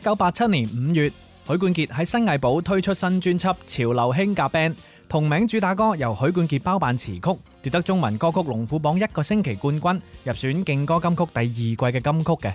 一九八七年五月，許冠傑喺新藝寶推出新專輯《潮流興夾 band》，同名主打歌由許冠傑包辦詞曲，奪得中文歌曲龍虎榜一個星期冠軍，入選勁歌金曲第二季嘅金曲嘅。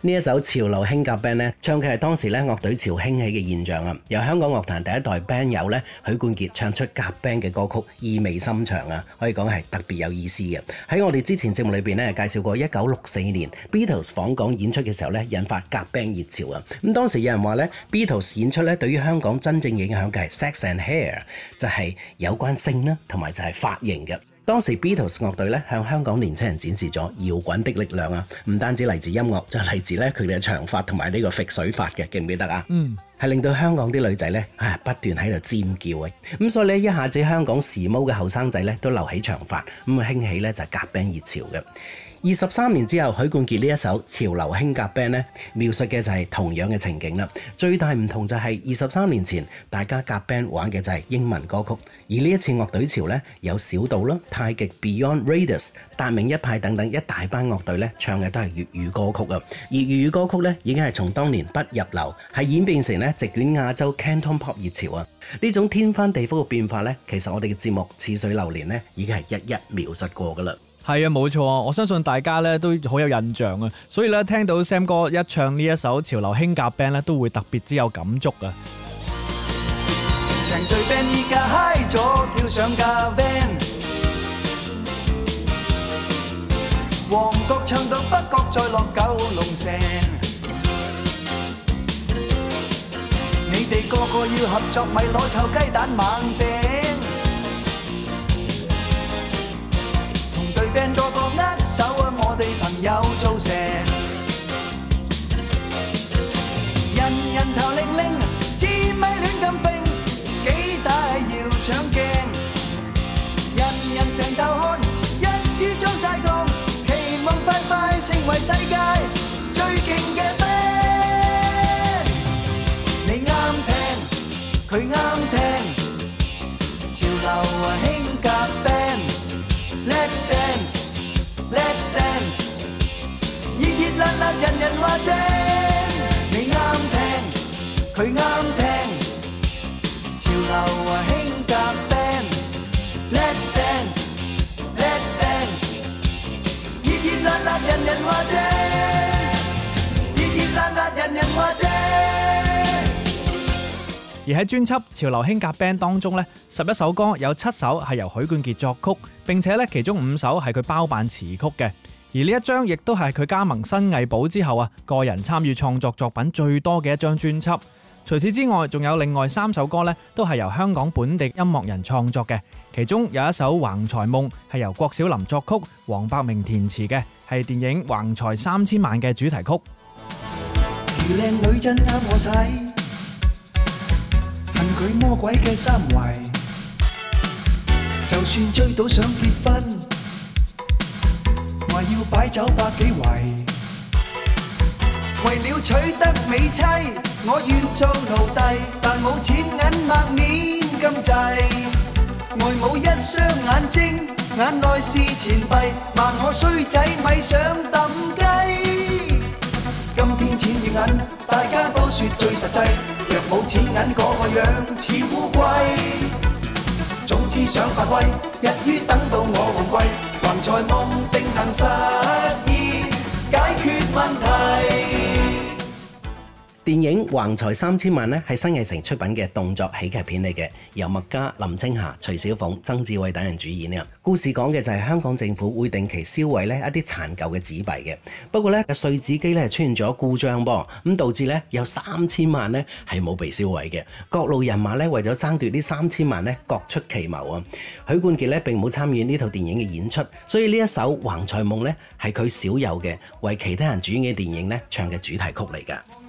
呢一首潮流興夾 band 唱嘅係當時咧樂隊潮興起嘅現象，由香港樂壇第一代 band 友咧許冠傑唱出夾 band 嘅歌曲，意味深長可以講係特別有意思嘅。喺我哋之前節目裏面介紹過，1964年 Beatles 訪港演出嘅時候引發夾 band 熱潮，咁當時有人話 Beatles 演出對對於香港真正影響嘅係 Sex and Hair，就係有關性和同埋就係髮型嘅當時 Beatles 樂隊咧向香港年青人展示咗搖滾的力量啊！唔單止嚟自音樂，就嚟自咧佢哋嘅長髮同埋呢個甩水髮嘅，記唔記得啊？嗯，係令到香港啲女仔咧啊不斷喺度尖叫嘅，咁所以咧一下子香港時髦嘅後生仔咧都留起長髮，咁啊興起咧就係夾 Band 熱潮嘅。二十三年之後，許冠傑呢一首《潮流興夾 band》呢描述嘅就係同樣嘅情景啦。最大唔同就係二十三年前，大家夾 band 玩嘅就係英文歌曲，而呢一次樂隊潮呢，有小島啦、太極、Beyond、Raiders、達明一派等等一大班樂隊呢，唱嘅都係粵語歌曲啊。而粵語歌曲呢，已經係從當年不入流，係演變成席捲亞洲 Canton Pop 熱潮啊。呢種天翻地覆嘅變化呢，其實我哋嘅節目《似水流年》呢，已經係一一描述過㗎啦。係啊，冇錯啊！我相信大家咧都好有印象啊，所以咧聽到 Sam 哥一唱呢一首潮流興夾 band 咧，都會特別之有感觸啊！成隊 band 依家 high 咗，跳上架 van，旺角唱到北角再落九龍城，你哋個個要合作咪攞臭雞蛋猛掟！頭拎拎，支咪亂咁揈，幾大要搶鏡，人人成頭汗，一於裝晒動，期望快快成為世界最勁嘅 band。你啱聽，佢啱聽，潮流啊興夾 band，Let's dance，Let's dance，熱熱辣辣，人人話正。佢啱聽，潮流話興夾 band，Let's dance，Let's dance，熱熱辣辣人人話正，熱熱辣辣人人話正。而喺專輯《潮流興夾 band》當中呢，十一首歌有七首係由許冠傑作曲，並且呢其中五首係佢包辦詞曲嘅。而呢一張亦都係佢加盟新藝寶之後啊，個人參與創作作品最多嘅一張專輯。除此之外，仲有另外三首歌呢，都係由香港本地音樂人創作嘅。其中有一首《橫財夢》，係由郭小霖作曲、黃百鳴填詞嘅，係電影《橫財三千萬》嘅主題曲。為了取得美妻，我願做奴隸，但冇錢銀麥麵咁滯。外母一雙眼睛，眼內是錢幣，罵我衰仔咪想抌雞。今天錢與銀，大家都說最實際，若冇錢銀嗰個樣似烏龜。總之想發威，一於等到我旺季，橫財夢定能實現，解決問題。電影《橫財三千萬》咧，係新藝城出品嘅動作喜劇片嚟嘅，由麥嘉、林青霞、徐小鳳、曾志偉等人主演咧。故事講嘅就係香港政府會定期銷毀咧一啲殘舊嘅紙幣嘅，不過咧碎紙機咧出現咗故障噃，咁導致呢有三千萬咧係冇被銷毀嘅。各路人馬咧為咗爭奪呢三千萬咧，各出奇謀啊！許冠傑咧並冇參與呢套電影嘅演出，所以呢一首《橫財夢》咧係佢少有嘅為其他人主演嘅電影咧唱嘅主題曲嚟噶。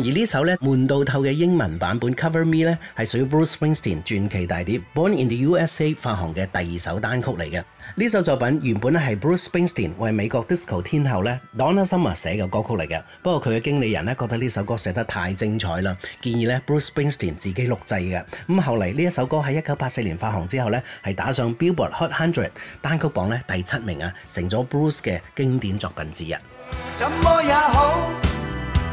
而呢首咧《悶到透》嘅英文版本《Cover Me》咧，係屬於 Bruce Springsteen 傳奇大碟《Born in the USA》發行嘅第二首單曲嚟嘅。呢首作品原本咧係 Bruce Springsteen 為美國 disco 天后咧 Donna Summer 寫嘅歌曲嚟嘅。不過佢嘅經理人咧覺得呢首歌寫得太精彩啦，建議咧 Bruce Springsteen 自己錄製嘅。咁後嚟呢一首歌喺一九八四年發行之後咧，係打上 Billboard Hot Hundred 單曲榜咧第七名啊，成咗 Bruce 嘅經典作品之一。怎麼也好。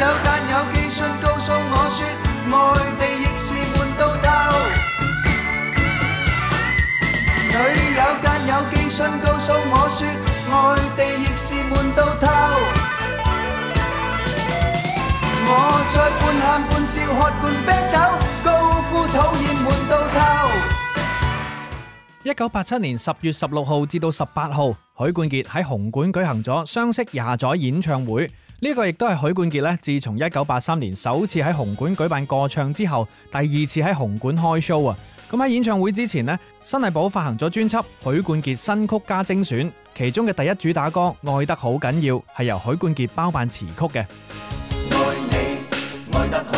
女友間有寄信告訴我説，外地亦是悶到透。女友間有寄信告訴我説，外地亦是悶到透。我再半喊半笑喝罐啤酒，高呼討厭悶到透。一九八七年十月十六號至到十八號，許冠傑喺紅館舉行咗雙色廿載演唱會。呢個亦都係許冠傑咧，自從一九八三年首次喺紅館舉辦個唱之後，第二次喺紅館開 show 啊！咁喺演唱會之前咧，新藝寶發行咗專輯許冠傑新曲加精選，其中嘅第一主打歌《愛得好緊要》係由許冠傑包辦詞曲嘅。愛你愛得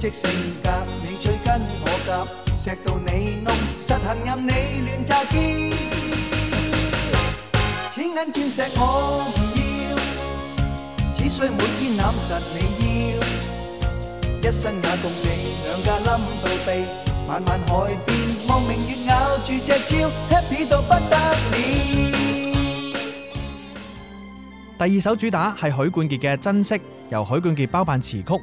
即性格，你最跟，我夾錫到你弄，實行任你亂詐嬌。千銀鑽石我唔要，只需每天攬實你要，一生也共你兩家冧到飛。漫漫海邊望明月，咬住隻蕉，happy 到不得了。第二首主打係許冠傑嘅《珍惜》，由許冠傑包辦詞曲。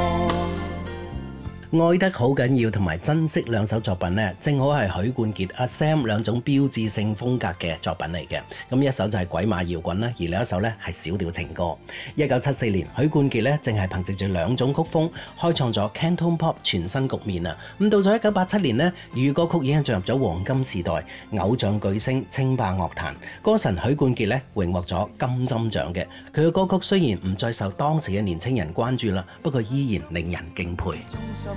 愛得好緊要同埋珍惜兩首作品呢，正好係許冠傑阿、啊、Sam 兩種標誌性風格嘅作品嚟嘅。咁一首就係、是、鬼馬搖滾啦，而另一首咧係小調情歌。一九七四年，許冠傑咧正係憑藉住兩種曲風，開創咗 Canton Pop 全新局面啊！咁到咗一九八七年咧，粵語歌曲已經進入咗黃金時代，偶像巨星稱霸樂壇，歌神許冠傑咧榮獲咗金針獎嘅。佢嘅歌曲雖然唔再受當時嘅年輕人關注啦，不過依然令人敬佩。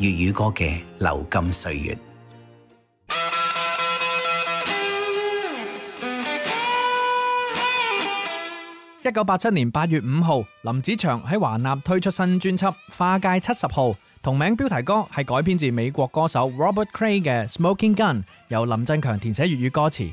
粵語歌嘅《流金歲月》。一九八七年八月五號，林子祥喺華納推出新專輯《花街七十號》，同名標題歌係改編自美國歌手 Robert Cray 嘅《Smoking Gun》，由林振強填寫粵語歌詞。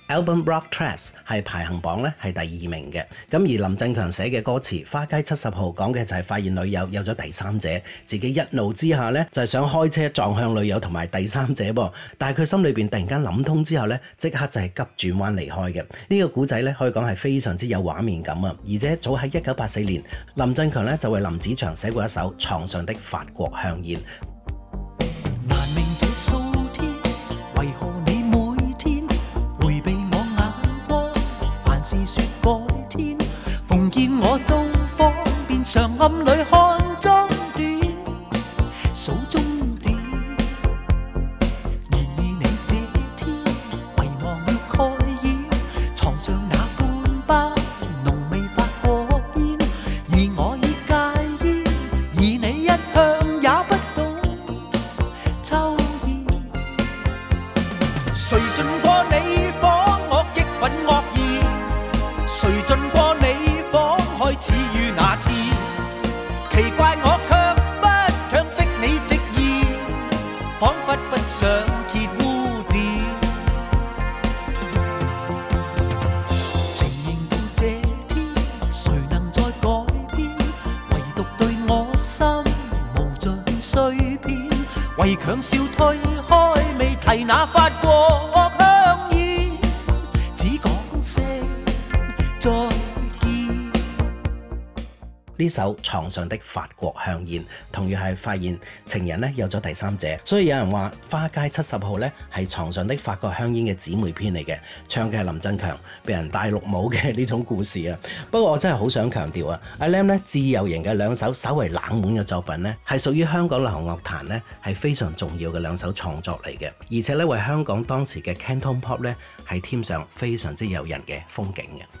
《Album Rock Tracks》係排行榜咧，係第二名嘅。咁而林振強寫嘅歌詞《花街七十號》講嘅就係發現女友有咗第三者，自己一怒之下呢，就係、是、想開車撞向女友同埋第三者噃。但係佢心裏邊突然間諗通之後呢，即刻就係急轉彎離開嘅。呢、這個故仔呢，可以講係非常之有畫面感啊！而且早喺一九八四年，林振強呢，就為林子祥寫過一首《床上的法國香煙》。首《床上的法國香煙》同樣係發現情人咧有咗第三者，所以有人話《花街七十號》咧係《床上的法國香煙》嘅姊妹篇嚟嘅，唱嘅係林振強被人戴綠帽嘅呢種故事啊。不過我真係好想強調啊，阿 Lam 咧自由型嘅兩首稍為冷門嘅作品咧，係屬於香港流行樂壇咧係非常重要嘅兩首創作嚟嘅，而且咧為香港當時嘅 Canton Pop 咧係添上非常之誘人嘅風景嘅。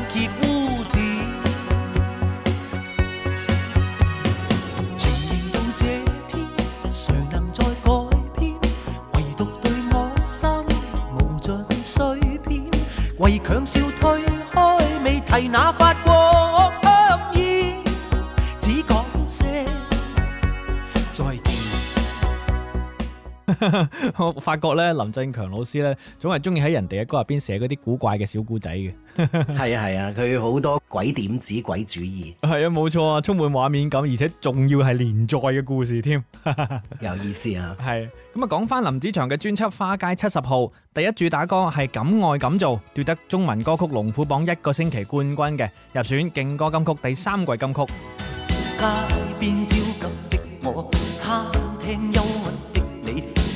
我發覺咧，林振強老師咧，總係中意喺人哋嘅歌入邊寫嗰啲古怪嘅小故仔嘅。 係啊係啊，佢好多鬼點子、鬼主意。係啊，冇錯啊，充滿畫面感，而且仲要係連載嘅故事添。 有意思啊。係，咁啊講翻林子祥嘅專輯《花街七十號》，第一主打歌係《敢愛敢做》，奪得中文歌曲龍虎榜一個星期冠軍嘅，入選勁歌金曲第三季金曲。街邊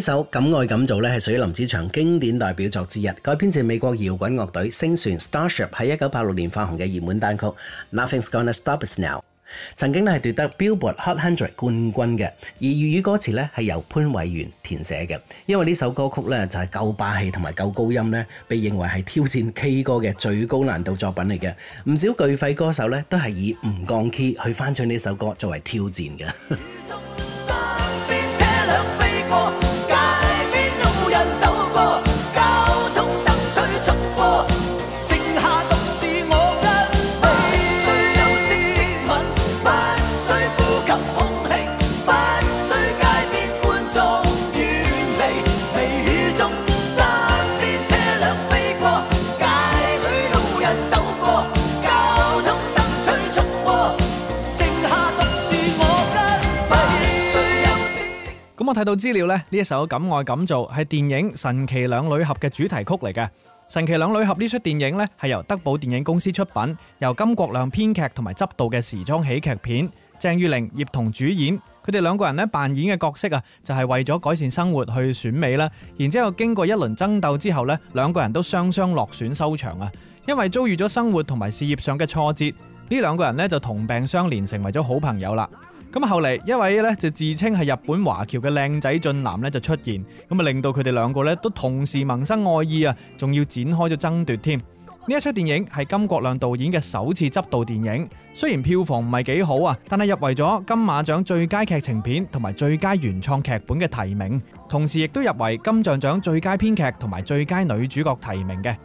呢首敢愛敢做咧，係屬於林子祥經典代表作之一，改編自美國搖滾樂隊星船 （Starship） 喺1986年發行嘅熱門單曲《Nothing’s Gonna Stop Us Now》，曾經咧係奪得 Billboard Hot 100冠軍嘅。而粵語歌詞咧係由潘偉源填寫嘅。因為呢首歌曲咧就係夠霸氣同埋夠高音咧，被認為係挑戰 K 歌嘅最高難度作品嚟嘅。唔少巨肺歌手咧都係以唔降 key 去翻唱呢首歌作為挑戰嘅。 我睇到資料呢，呢一首《敢愛敢做》係電影《神奇兩女俠》嘅主題曲嚟嘅。《神奇兩女俠》呢出電影呢，係由德寶電影公司出品，由甘國亮編劇同埋執導嘅時裝喜劇片，鄭裕玲、葉童主演。佢哋兩個人呢扮演嘅角色啊，就係為咗改善生活去選美啦。然之後經過一輪爭鬥之後呢，兩個人都雙雙落選收場啊。因為遭遇咗生活同埋事業上嘅挫折，呢兩個人呢，就同病相憐，成為咗好朋友啦。咁啊，後嚟一位咧就自稱係日本華僑嘅靚仔俊男咧就出現，咁啊令到佢哋兩個咧都同時萌生愛意啊，仲要展開咗爭奪添。呢一出電影係金國亮導演嘅首次執導電影，雖然票房唔係幾好啊，但係入圍咗金馬獎最佳劇情片同埋最佳原創劇本嘅提名，同時亦都入圍金像獎最佳編劇同埋最佳女主角提名嘅。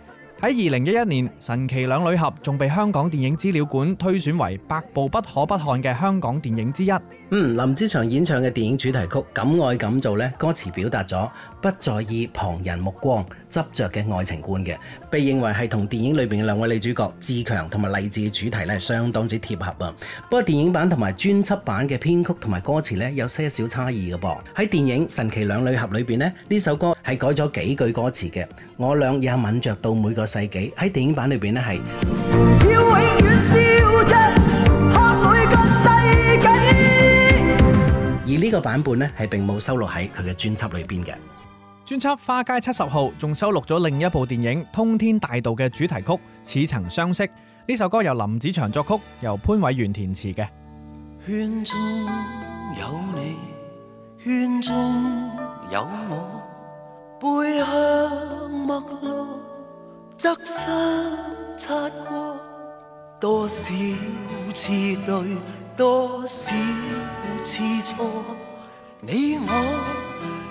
喺二零一一年，《神奇兩女俠》仲被香港電影資料館推選為百部不可不看嘅香港電影之一。嗯，林子祥演唱嘅電影主題曲《敢愛敢做》呢，歌詞表達咗不在意旁人目光執着嘅愛情觀嘅，被認為係同電影裏邊嘅兩位女主角自強同埋勵志嘅主題咧，相當之貼合啊！不過電影版同埋專輯版嘅編曲同埋歌詞咧，有些少差異嘅噃。喺電影《神奇兩女俠》裏邊呢，呢首歌係改咗幾句歌詞嘅。我倆也吻着到每個世紀。喺電影版裏邊咧係要永遠笑着看每個世紀，而呢個版本咧係並冇收錄喺佢嘅專輯裏邊嘅。專輯《花街七十號》仲收錄咗另一部電影《通天大盜》嘅主題曲《似曾相識，》呢首歌由林子祥作曲，由潘偉源填詞嘅。圈中有你，圈中有我背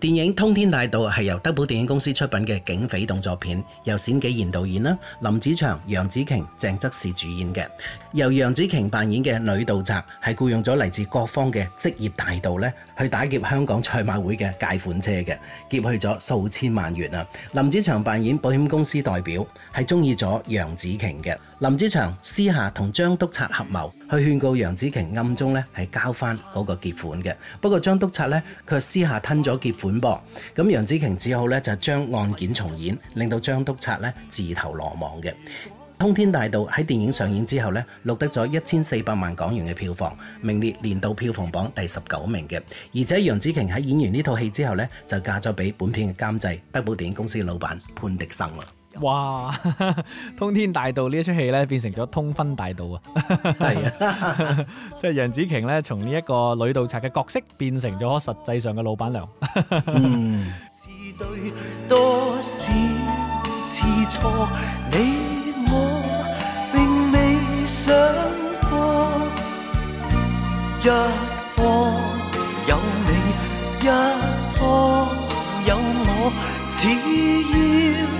電影《通天大盜》是由德寶電影公司出品嘅警匪動作片，由冼杞賢導演，林子祥、楊紫瓊、鄭則仕主演的。由楊紫瓊扮演嘅女盜賊是雇用咗嚟自各方嘅職業大盜去打劫香港賽馬會嘅解款車嘅，劫去咗數千萬元。林子祥扮演保險公司代表，是鍾意咗楊紫瓊嘅。林子祥私下同張督察合謀去勸告楊紫瓊暗中咧係交翻嗰個劫款嘅，不過張督察咧卻私下吞咗劫款噃。咁楊紫瓊只好咧就將案件重演，令到張督察咧自投羅網嘅。《通天大盜》喺電影上演之後咧錄得咗一千四百萬港元嘅票房，名列年度票房榜第十九名嘅。而且楊紫瓊喺演完呢套戲之後咧就嫁咗俾本片嘅監製德寶電影公司嘅老闆潘迪生啦。哇！通天大盜呢一出戲咧，變成咗通婚大盜啊！係啊，即係楊紫瓊咧，從呢一個女盜賊嘅角色，變成咗實際上嘅老闆娘。嗯 嗯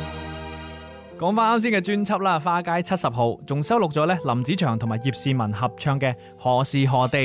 講翻啱先嘅專輯啦，《花街七十號》仲收錄咗咧林子祥同埋葉倩文合唱嘅《何時何地》。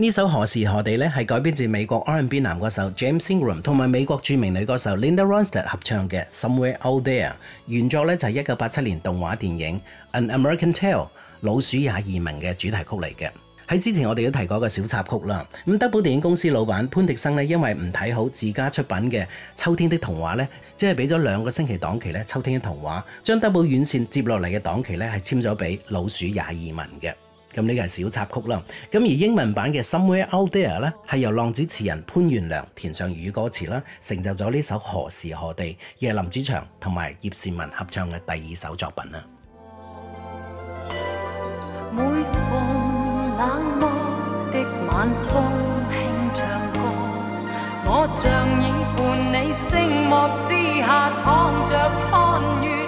呢首何時何地咧，係改編自美國 R&B 男歌手 James Ingram 同埋美國著名女歌手 Linda Ronstadt 合唱嘅《Somewhere Out There》。原作咧就係一九八七年動畫電影《An American Tail》老鼠也移民嘅主題曲嚟嘅。喺之前我哋都提過一個小插曲啦。咁德寶電影公司老闆潘迪生咧，因為唔睇好自家出品嘅《秋天的童話》咧，即係俾咗兩個星期檔期咧，《秋天的童話》將德寶院線接落嚟嘅檔期咧，係簽咗俾《老鼠也移民》嘅。咁呢個係小插曲啦。咁而英文版嘅 Somewhere Out There 咧，係由浪子詞人潘源良填上粵語歌詞啦，成就咗呢首何時何地，亦係林子祥同埋葉倩文合唱嘅第二首作品啦。每逢冷漠的晚風輕唱歌，我像已伴你星幕之下躺着看月。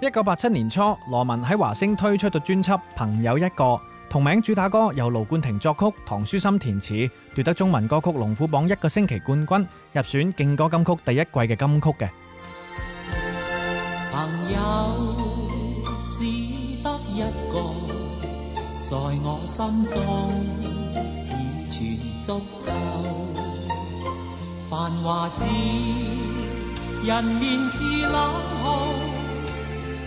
一九八七年初，羅文喺華星推出咗專輯《朋友一個》，同名主打歌由盧冠廷作曲、唐書琛填詞，奪得中文歌曲龍虎榜一個星期冠軍，入選勁歌金曲第一季嘅金曲嘅。朋友只得一個，在我心中已全足夠。繁華世人面是冷酷。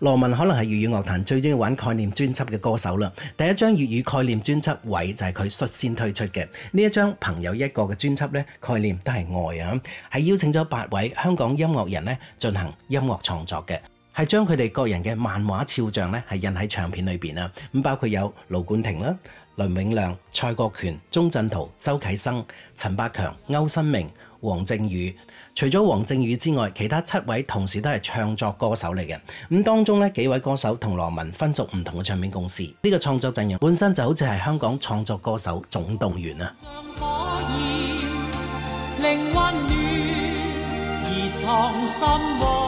羅文可能係粵語樂壇最中意玩概念專輯嘅歌手啦。第一張粵語概念專輯位就係佢率先推出嘅呢一張朋友一個嘅專輯咧，概念都係外啊。係邀請咗八位香港音樂人咧進行音樂創作嘅，係將佢哋個人嘅漫畫肖像咧係印喺唱片裏邊啊。咁包括有盧冠廷啦、林永亮、蔡國權、鍾鎮濤、周啟生、陳百強、歐新明、黃靖宇。除咗王靖宇之外，其他七位同時都係唱作歌手嚟嘅。咁當中呢幾位歌手同羅文分屬唔同嘅唱片公司。呢個創作陣容本身就好似係香港創作歌手總動員啊！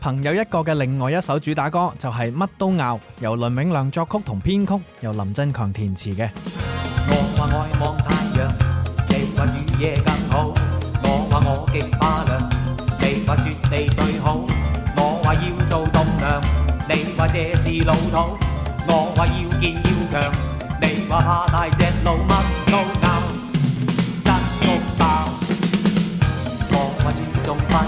朋友一個嘅另外一首主打歌就係、是、乜都拗，由倫永亮作曲同編曲，由林振強填詞嘅。我話望太陽，你話雨夜更好；我話我極巴涼，你話雪地最好；我話要做棟樑，你話這是老土；我話要見要強，你話怕大隻佬。乜都拗，真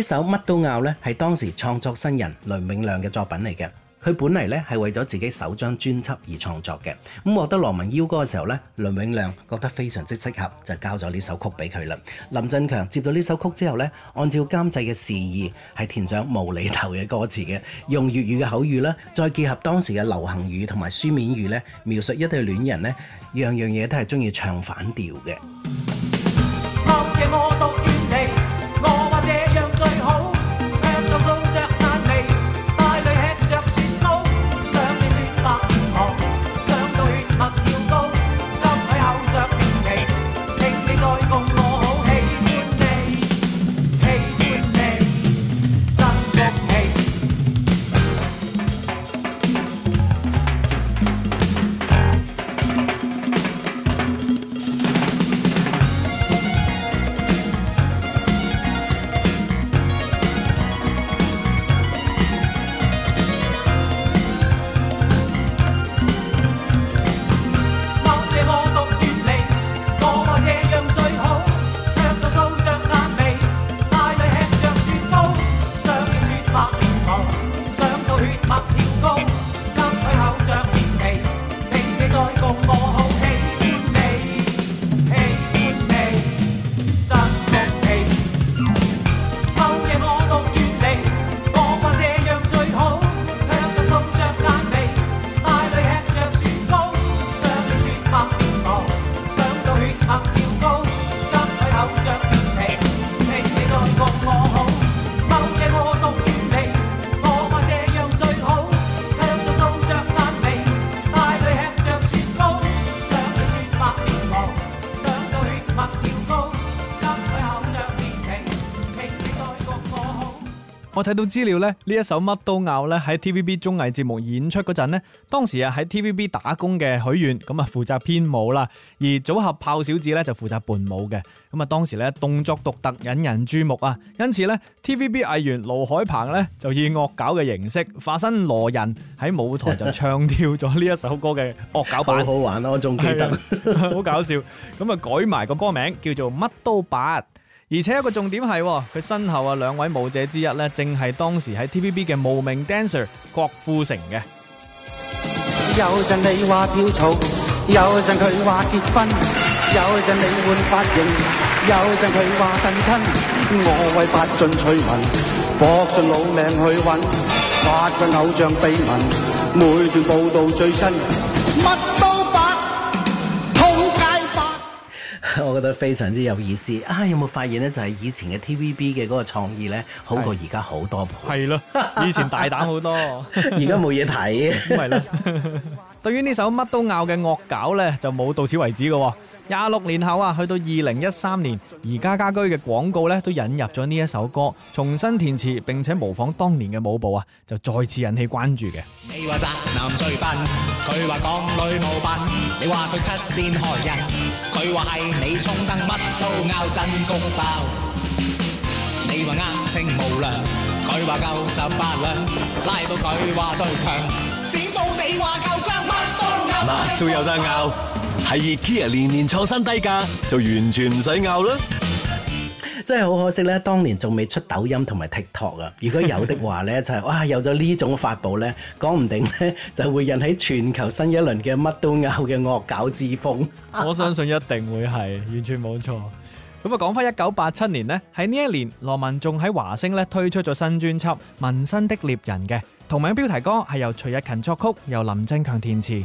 呢首乜都拗呢，係當時創作新人雷永亮嘅作品嚟嘅。佢本嚟呢係為咗自己首張專輯而創作嘅。咁獲得羅文邀歌嘅時候呢，雷永亮覺得非常之適合，就交咗呢首曲俾佢啦。林振強接到呢首曲之後呢，按照監製嘅示意，係填上無厘頭嘅歌詞嘅，用粵語嘅口語呢，再結合當時嘅流行語同埋書面語呢，描述一對戀人呢，樣樣嘢都係中意唱反調嘅。睇到資料咧，呢一首《乜都拗》咧喺 TVB 綜藝節目演出嗰陣咧，當時啊喺 TVB 打工嘅許願咁啊負責編舞啦，而組合炮小子咧就負責伴舞嘅，咁啊當時咧動作獨特引人注目啊，因此咧 TVB 藝員盧海鵬咧就以惡搞嘅形式化身羅文喺舞台就唱跳咗呢一首歌嘅惡搞版， 好好玩咯，啊，仲記得， 好搞笑，咁啊改埋個歌名叫做《乜都八》。而且一個重點係，佢身後啊兩位舞者之一咧，正係當時喺 TVB 嘅無名 Dancer 郭富城嘅。有 我覺得非常之有意思啊！有冇發現呢？就係以前嘅 TVB 嘅嗰個創意呢，好過而家好多倍。係咯， 以前大膽好多，而家冇嘢睇。咪咯，對於呢首乜都拗嘅惡搞呢，就冇到此為止㗎喎。廿六年後啊，去到二零一三年，宜家家居嘅廣告咧都引入咗呢一首歌，重新填詞並且模仿當年嘅舞步啊，就再次引起關注嘅。你話宅男最笨，佢話港女無品，你話佢 cut 線害人，佢話係你衝燈乜都拗，真功爆。你話啱清無良，佢話夠十八兩，拉到佢話最強，只冇你話夠斤乜都拗。乜都有得拗。係熱 Kia 年年創新低價，就完全唔使拗啦！真係好可惜咧，當年仲未出抖音同埋 TikTok 啊！如果有的話咧， 就係、是、哇有咗呢種發佈咧，講唔定咧就會引起全球新一輪嘅乜都拗嘅惡搞之風。我相信一定會係，完全冇錯。咁啊，講翻一九八七年呢，喺呢一年，羅文仲喺華星咧推出咗新專輯《民身的獵人》嘅同名標題歌，係由徐日勤作曲，由林增強填詞。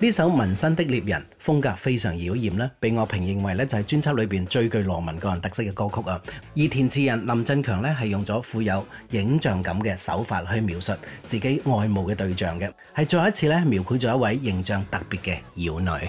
呢首《紋身的獵人》風格非常妖豔咧，被我評認為咧就係專輯裏邊最具羅文個人特色嘅歌曲啊！而填詞人林振強咧係用咗富有影像感嘅手法去描述自己愛慕嘅對象嘅，係再一次咧描繪咗一位形象特別嘅妖女。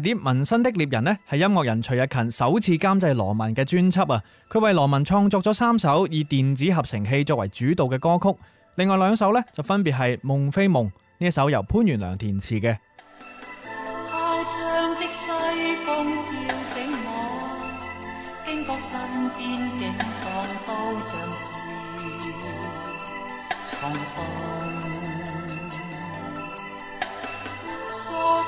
《紋身的獵人》，呢係音樂人徐日勤首次監製羅文嘅專輯啊，佢為羅文創作咗三首以電子合成器作為主導嘅歌曲，另外兩首呢，就分別係《夢非夢》呢一首由潘源良填詞嘅。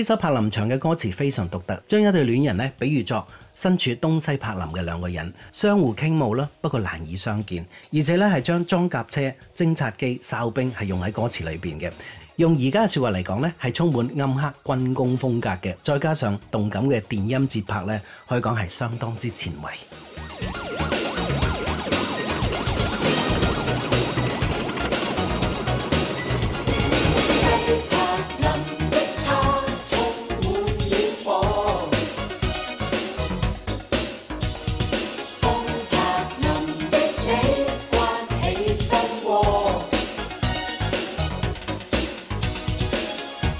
呢首柏林牆嘅歌詞非常獨特，將一對戀人呢比喻作身處東西柏林嘅兩個人，相互傾慕啦，不過難以相見。而且呢係將裝甲車、偵察機、哨兵係用喺歌詞裏邊嘅，用而家嘅說話嚟講呢係充滿暗黑軍工風格嘅，再加上動感嘅電音節拍呢可以講係相當之前衛。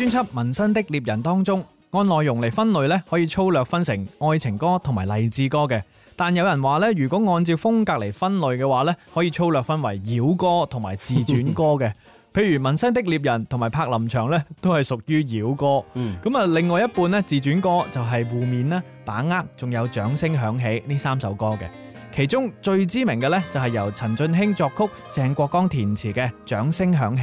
專輯《紋身的獵人》當中，按內容嚟分類咧，可以粗略分成愛情歌同埋勵志歌嘅。但有人話咧，如果按照風格嚟分類嘅話咧，可以粗略分為妖歌同埋自傳歌嘅。譬如《紋身的獵人》同埋《柏林牆》咧，都係屬於妖歌。咁、嗯、啊，另外一半咧，自傳歌就係《湖面》啦、《把握》仲有《掌聲響起》呢三首歌嘅。其中最知名嘅咧，就係、是、由陳進興作曲、鄭國江填詞嘅《掌聲響起》。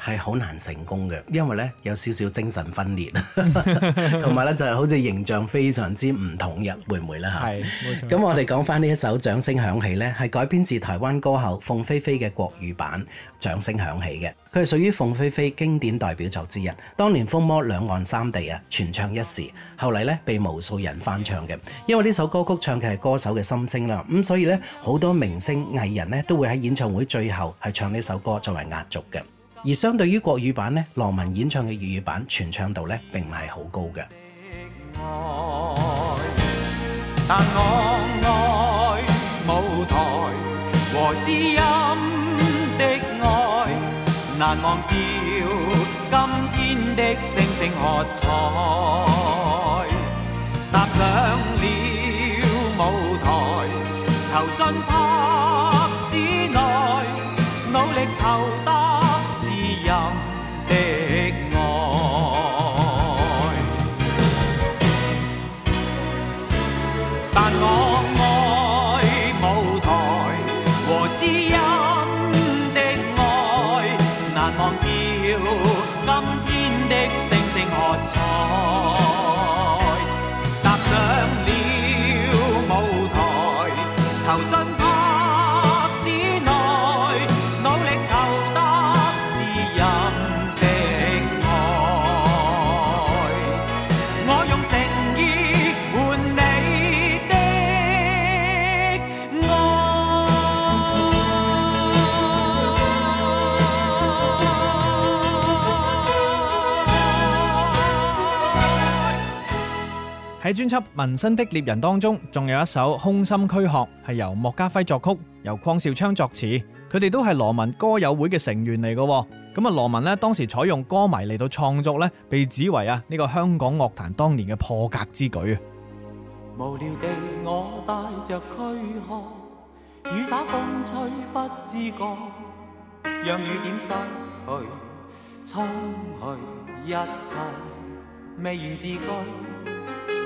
係好難成功嘅，因為咧有少少精神分裂，同埋咧就係好似形象非常之唔統一，會唔會咧嚇？係，咁我哋講翻呢一首《掌聲響起》咧，係改編自台灣歌后鳳飛飛嘅國語版《掌聲響起》嘅，佢係屬於鳳飛飛經典代表作之一。當年風魔兩岸三地啊，全唱一時。後嚟咧被無數人翻唱嘅，因為呢首歌曲唱嘅係歌手嘅心聲啦。咁所以咧好多明星藝人咧都會喺演唱會最後係唱呢首歌作為壓軸嘅。而相對於國語版咧，羅文演唱嘅粵語版傳唱度咧並唔係好高嘅。喺專輯《紋身的獵人》當中，仲有一首《空心軀殼》，係由莫家輝作曲，由鄺少昌作詞，佢哋都係羅文歌友會嘅成員嚟嘅。咁啊，羅文呢，當時採用歌迷嚟到創作呢，被指為啊呢個香港樂壇當年嘅破格之舉。無聊地我帶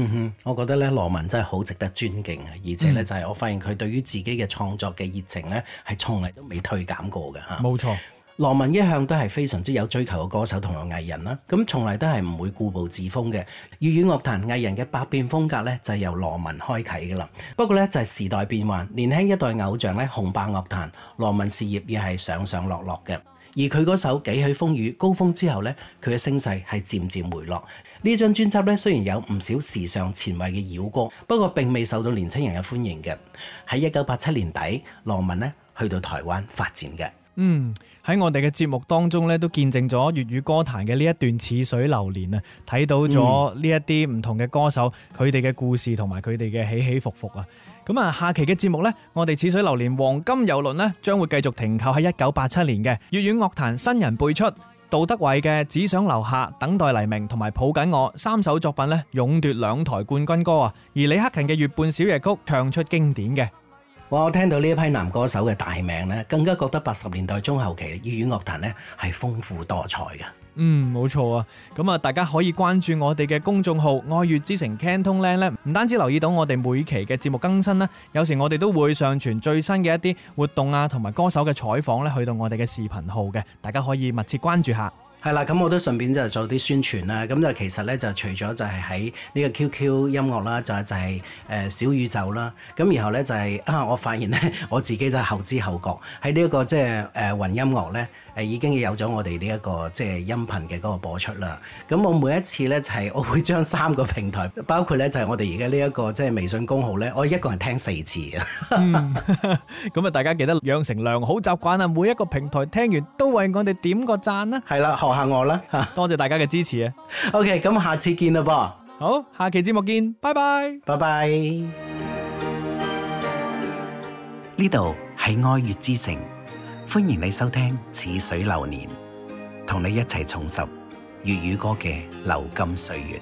嗯哼，我覺得咧羅文真係好值得尊敬嘅，而且咧就係我發現佢對於自己嘅創作嘅熱情咧，係從嚟都未退減過嘅嚇。冇錯，羅文一向都係非常之有追求嘅歌手同埋藝人啦。咁從嚟都係唔會固步自封嘅。粵語樂壇藝人嘅百變風格咧，就係由羅文開啓嘅啦。不過咧就係時代變幻，年輕一代偶像咧紅霸樂壇，羅文事業亦係上上落落嘅。而佢嗰首《幾許風雨》，高峰之後咧，佢嘅聲勢係漸漸回落。呢張專輯咧雖然有唔少時尚前衛嘅妖歌，不過並未受到年輕人嘅歡迎嘅。喺一九八七年底，羅文咧去到台灣發展嘅。嗯，喺我哋嘅節目當中咧，都見證咗粵語歌壇嘅呢一段似水流年啊，睇到咗呢一啲唔同嘅歌手佢哋嘅故事同埋佢哋嘅起起伏伏啊。咁啊，下期嘅節目咧，我哋似水流年黃金遊輪咧，將會繼續停靠喺一九八七年嘅粵語樂壇新人輩出。杜德偉嘅《只想留下》、等待黎明同埋抱緊我三首作品咧，勇奪兩台冠軍歌啊！而李克勤嘅《月半小夜曲》唱出經典嘅。我聽到呢一批男歌手嘅大名咧，更加覺得八十年代中後期粵語樂壇咧係豐富多彩嘅。嗯，冇錯啊！咁啊，大家可以關注我哋嘅公眾號愛粵之城 CantonLand 咧，唔單止留意到我哋每期嘅節目更新啦，有時我哋都會上傳最新嘅一啲活動啊，同埋歌手嘅採訪咧，去到我哋嘅視頻號嘅，大家可以密切關注下。係啦，咁我都順便就做啲宣傳啦。咁就其實咧，就除咗就係喺呢個 QQ 音樂啦，就係就係呃、小宇宙啦。咁然後咧就係、係、啊，我發現咧我自己就後知後覺喺呢一個即係誒雲音樂咧誒已經有咗我哋呢一個即係音頻嘅嗰個播出啦。咁我每一次咧就係、係、我會將三個平台包括咧就係、係、我哋而家呢一個即係微信公號咧，我一個人聽四次嘅。咁、嗯、啊， 大家記得養成良好習慣啊，每一個平台聽完都為我哋點個讚啦。係啦。學下我啦，多謝大家嘅支持啊！OK，咁下次見咯噃，好，下期節目見，拜拜，拜拜。呢度係愛粵之城，歡迎你收聽《似水流年》，同你一齊重拾粵語歌嘅流金歲月。